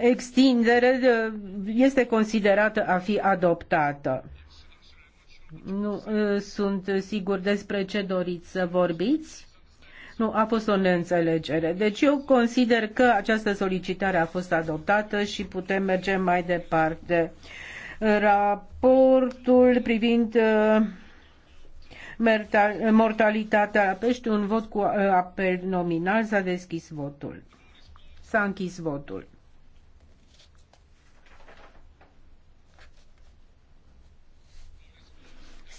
extindere este considerată a fi adoptată. Nu sunt sigur despre ce doriți să vorbiți. Nu, a fost o neînțelegere. Deci eu consider că această solicitare a fost adoptată și putem merge mai departe. Raportul privind mortalitatea mortalitatea pești, un vot cu apel nominal, s-a deschis votul. S-a închis votul.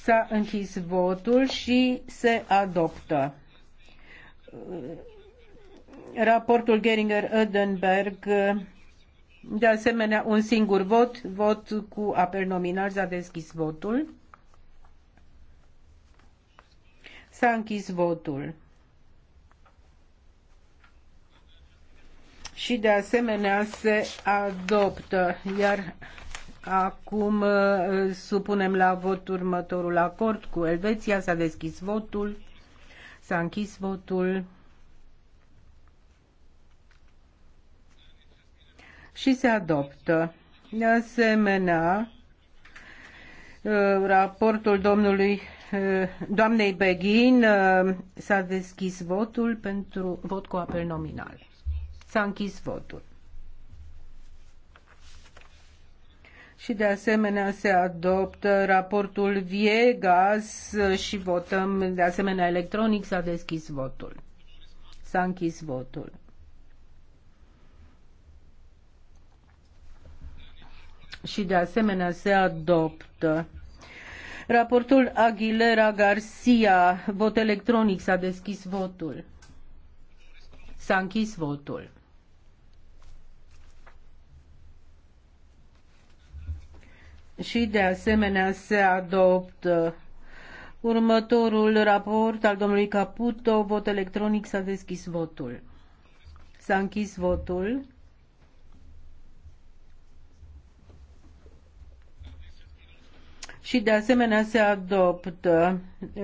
S-a închis votul și se adoptă. Raportul Geringer-Ödenberg, de asemenea, un singur vot, vot cu apel nominal, s-a deschis votul. S-a închis votul. Și de asemenea se adoptă, iar Acum uh, supunem la vot următorul acord cu Elveția. S-a deschis votul. S-a închis votul. Și se adoptă. De asemenea, uh, raportul domnului uh, doamnei Beghin s-a deschis votul pentru vot cu apel nominal. S-a închis votul. și de asemenea se adoptă raportul Viegas și votăm de asemenea electronic. S-a deschis votul. S-a închis votul. Și de asemenea se adoptă raportul Aguilera Garcia. Vot electronic. S-a deschis votul. S-a închis votul. și de asemenea se adoptă următorul raport al domnului Caputo, vot electronic, s-a deschis votul. S-a închis votul. Și de asemenea se adoptă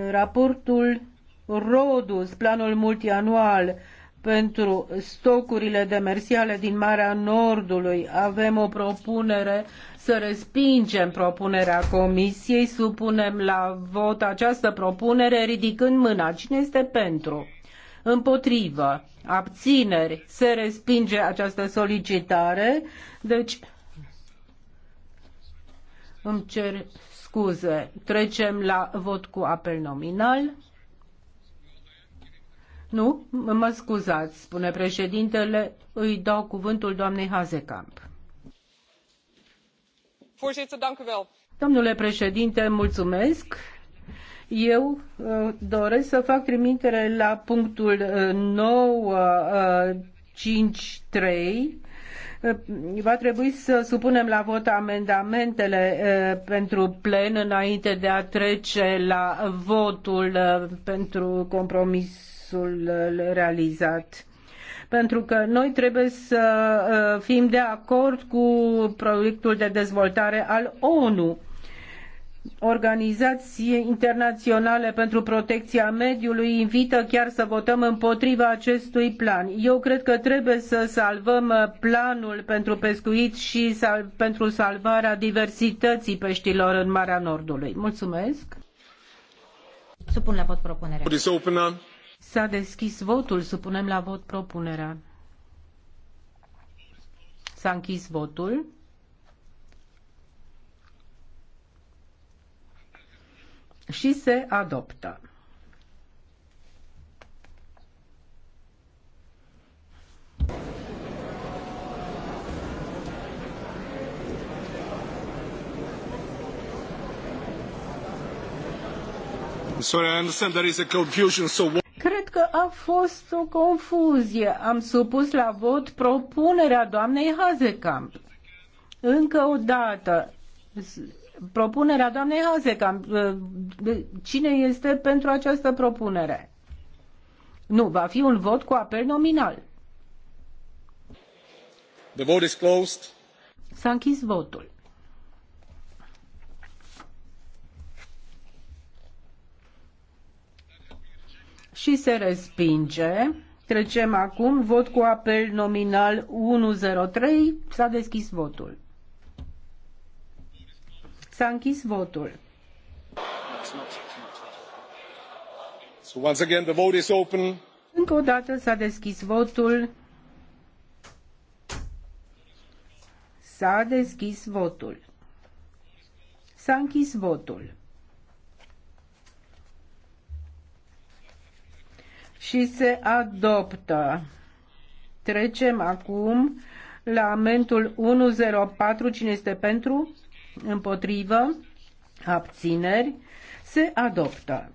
raportul Rodus, planul multianual pentru stocurile demersiale din Marea Nordului. Avem o propunere să respingem propunerea Comisiei, supunem la vot această propunere ridicând mâna. Cine este pentru? Împotrivă. Abțineri. Se respinge această solicitare. Deci, îmi cer scuze. Trecem la vot cu apel nominal. Nu, mă scuzați, spune președintele, îi dau cuvântul doamnei Hazekamp. Domnule președinte, mulțumesc. Eu uh, doresc să fac trimitere la punctul 953 uh, uh, va trebui să supunem la vot amendamentele pentru plen înainte de a trece la votul pentru compromis progresul uh, realizat pentru că noi trebuie să uh, fim de acord cu proiectul de dezvoltare al ONU. Organizații internaționale pentru protecția mediului invită chiar să votăm împotriva acestui plan. Eu cred că trebuie să salvăm uh, planul pentru pescuit și sal- pentru salvarea diversității peștilor în Marea Nordului. Mulțumesc! Supun la vot propunerea. S-a deschis votul, supunem la vot propunerea. S-a închis votul. Și se adoptă. Sorry, I understand there is a confusion, so că a fost o confuzie. Am supus la vot propunerea doamnei Hazekamp. Încă o dată, propunerea doamnei Hazekamp. Ă, cine este pentru această propunere? Nu, va fi un vot cu apel nominal. The vote is closed. S-a închis votul. și se respinge. Trecem acum, vot cu apel nominal 103, s-a deschis votul. S-a închis votul. So once again, the vote is open. Încă o dată s-a deschis votul. S-a deschis votul. S-a închis votul. și se adoptă. Trecem acum la amendul 104. Cine este pentru? Împotrivă? Abțineri? Se adoptă.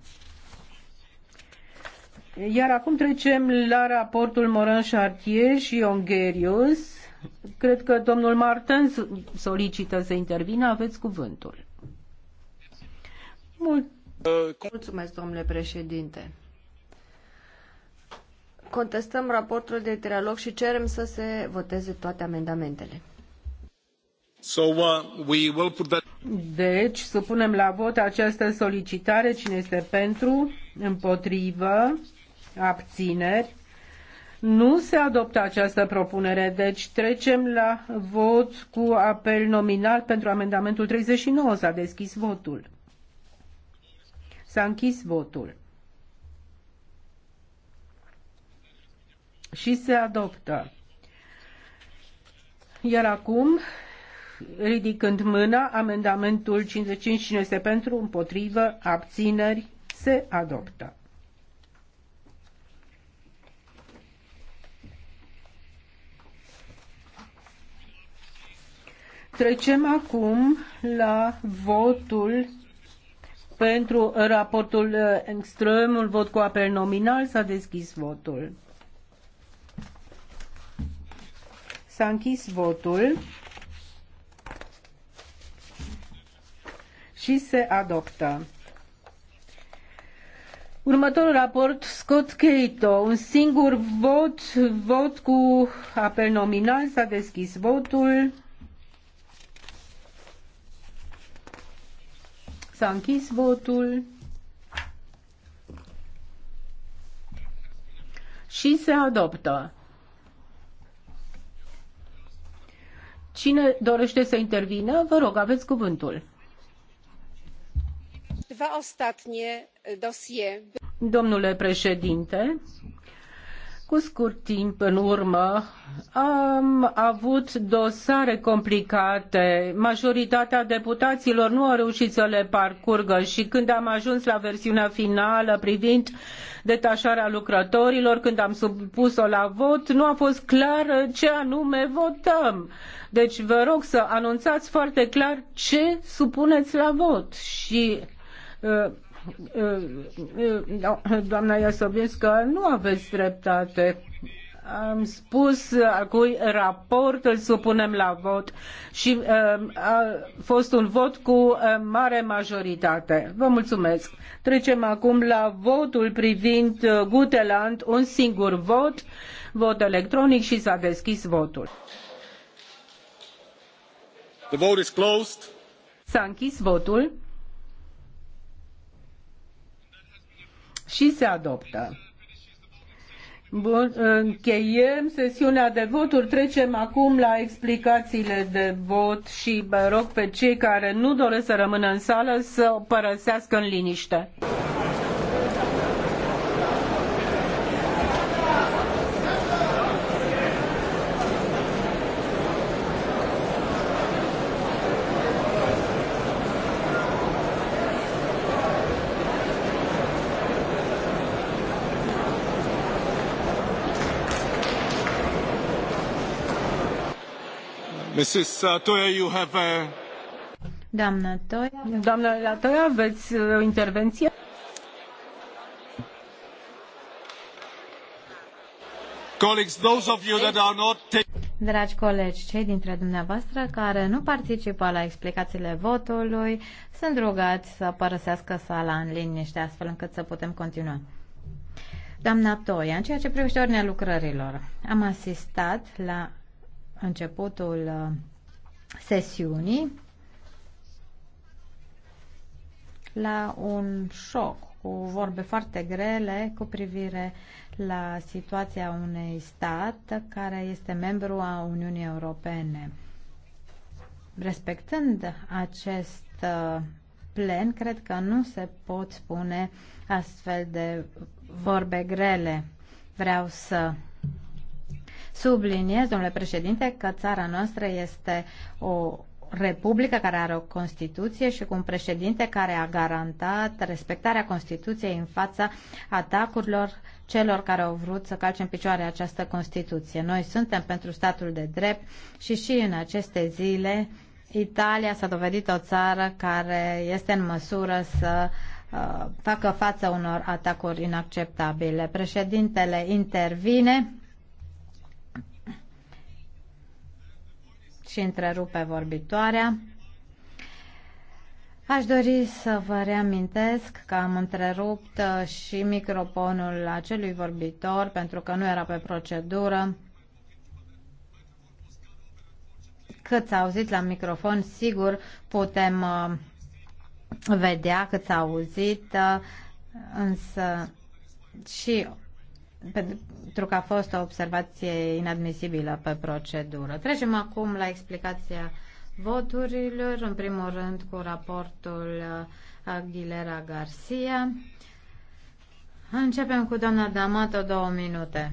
Iar acum trecem la raportul Moran Chartier și Ongerius. Cred că domnul Martin solicită să intervină. Aveți cuvântul. Mul- uh, Mulțumesc, domnule președinte contestăm raportul de trialog și cerem să se voteze toate amendamentele. So, uh, we will put that... Deci, supunem la vot această solicitare. Cine este pentru? Împotrivă? Abțineri? Nu se adoptă această propunere, deci trecem la vot cu apel nominal pentru amendamentul 39. S-a deschis votul. S-a închis votul. și se adoptă. Iar acum, ridicând mâna, amendamentul 55, cine este pentru, împotrivă, abțineri, se adoptă. Trecem acum la votul pentru raportul Engström, un vot cu apel nominal, s-a deschis votul. S-a închis votul și se adoptă. Următorul raport, Scott Cato, un singur vot, vot cu apel nominal, s-a deschis votul. S-a închis votul. Și se adoptă. Cine dorește să intervină, vă rog, aveți cuvântul. Domnule președinte, cu scurt timp în urmă am avut dosare complicate. Majoritatea deputaților nu au reușit să le parcurgă și când am ajuns la versiunea finală privind detașarea lucrătorilor, când am supus-o la vot, nu a fost clar ce anume votăm. Deci vă rog să anunțați foarte clar ce supuneți la vot și uh, Ă, ă, doamna Iasovinscă, nu aveți dreptate. Am spus al cui raport îl supunem la vot și ă, a fost un vot cu mare majoritate. Vă mulțumesc. Trecem acum la votul privind Guteland, un singur vot, vot electronic și s-a deschis votul. The vote is closed. S-a închis votul. și se adoptă. Bun, încheiem sesiunea de voturi. Trecem acum la explicațiile de vot și rog pe cei care nu doresc să rămână în sală să o părăsească în liniște. Uh, Toia, uh, Doamnă Toia. Doamnă Toia, aveți uh, o intervenție? Colleagues, those of you that are not Dragi colegi, cei dintre dumneavoastră care nu participă la explicațiile votului sunt rugați să părăsească sala în liniște, astfel încât să putem continua. Doamna Toia, în ceea ce privește ordinea lucrărilor, am asistat la începutul uh, sesiunii la un șoc cu vorbe foarte grele cu privire la situația unei stat care este membru a Uniunii Europene. Respectând acest uh, plen, cred că nu se pot spune astfel de vorbe grele. Vreau să Subliniez, domnule președinte, că țara noastră este o republică care are o Constituție și cu un președinte care a garantat respectarea Constituției în fața atacurilor celor care au vrut să calce în picioare această Constituție. Noi suntem pentru statul de drept și și în aceste zile Italia s-a dovedit o țară care este în măsură să uh, facă față unor atacuri inacceptabile. Președintele intervine. și întrerupe vorbitoarea. Aș dori să vă reamintesc că am întrerupt uh, și microfonul acelui vorbitor pentru că nu era pe procedură. Cât s-a auzit la microfon, sigur putem uh, vedea cât s-a auzit, uh, însă și pentru că a fost o observație inadmisibilă pe procedură. Trecem acum la explicația voturilor, în primul rând cu raportul Aguilera Garcia. Începem cu doamna D'Amato, două minute.